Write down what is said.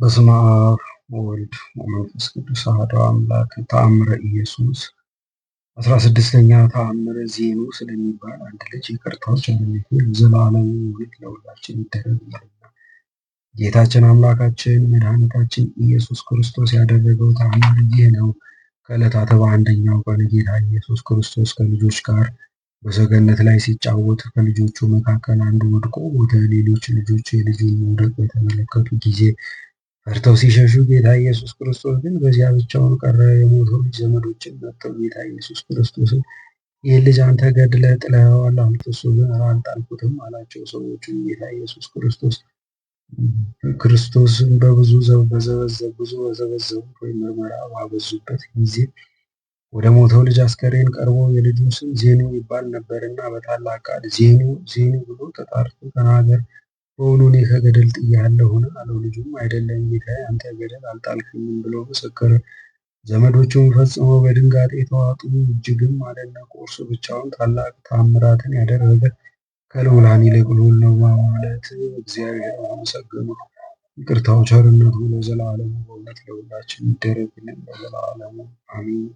በስመ አብ ወወልድ ወመንፈስ ቅዱስ አሐዱ አምላክ። ተአምረ ኢየሱስ አስራ ስድስተኛ ተአምረ ዜኑ ስለሚባል አንድ ልጅ ይቅርታዎች ቸርነቱ ዘላለም ውልድ ለሁላችን ይደረግ ጌታችን አምላካችን መድኃኒታችን ኢየሱስ ክርስቶስ ያደረገው ተአምር ይህ ነው። ከዕለታት በአንደኛው ቀን ጌታ ኢየሱስ ክርስቶስ ከልጆች ጋር በሰገነት ላይ ሲጫወት ከልጆቹ መካከል አንዱ ወድቆ ወደ ሌሎች ልጆች የልጁን መውደቅ በተመለከቱ ጊዜ ፈርተው ሲሸሹ ጌታ ኢየሱስ ክርስቶስ ግን በዚያ ብቻውን ቀረ። የሞተው ልጅ ዘመዶችን መጥተው ጌታ ኢየሱስ ክርስቶስን ይህ ልጅ አንተ ገድለ ጥለዋል፣ አሉት። እሱ ግን አልጣልኩትም አላቸው። ሰዎቹም ጌታ ኢየሱስ ክርስቶስ ክርስቶስን በብዙ በዘበዘብ ብዙ በዘበዘቡ ወይም ምርመራ ባበዙበት ጊዜ ወደ ሞተው ልጅ አስከሬን ቀርቦ የልጁ ስም ዜኑ ይባል ነበርና በታላቅ ቃል ዜኑ ዜኑ ብሎ ተጣርቶ ተናገር በውኑ እኔ ከገደል ሆነ አለው። ልጁም አይደለም ጌታዬ፣ አንተ ገደል አልጣልክኝም ብሎ መሰከረ። ዘመዶቹም ፈጽሞ በድንጋጤ ተዋጡ፣ እጅግም አደነቁ። እርሱ ብቻውን ታላቅ ታምራትን ያደረገ ከልዑላን ይልቅ ልዑል ነው በማለት እግዚአብሔር አመሰገኑ። ይቅርታው ቸርነቱ ለዘላለሙ በእውነት ለሁላችን ይደረግልን ለዘላለሙ አሚን።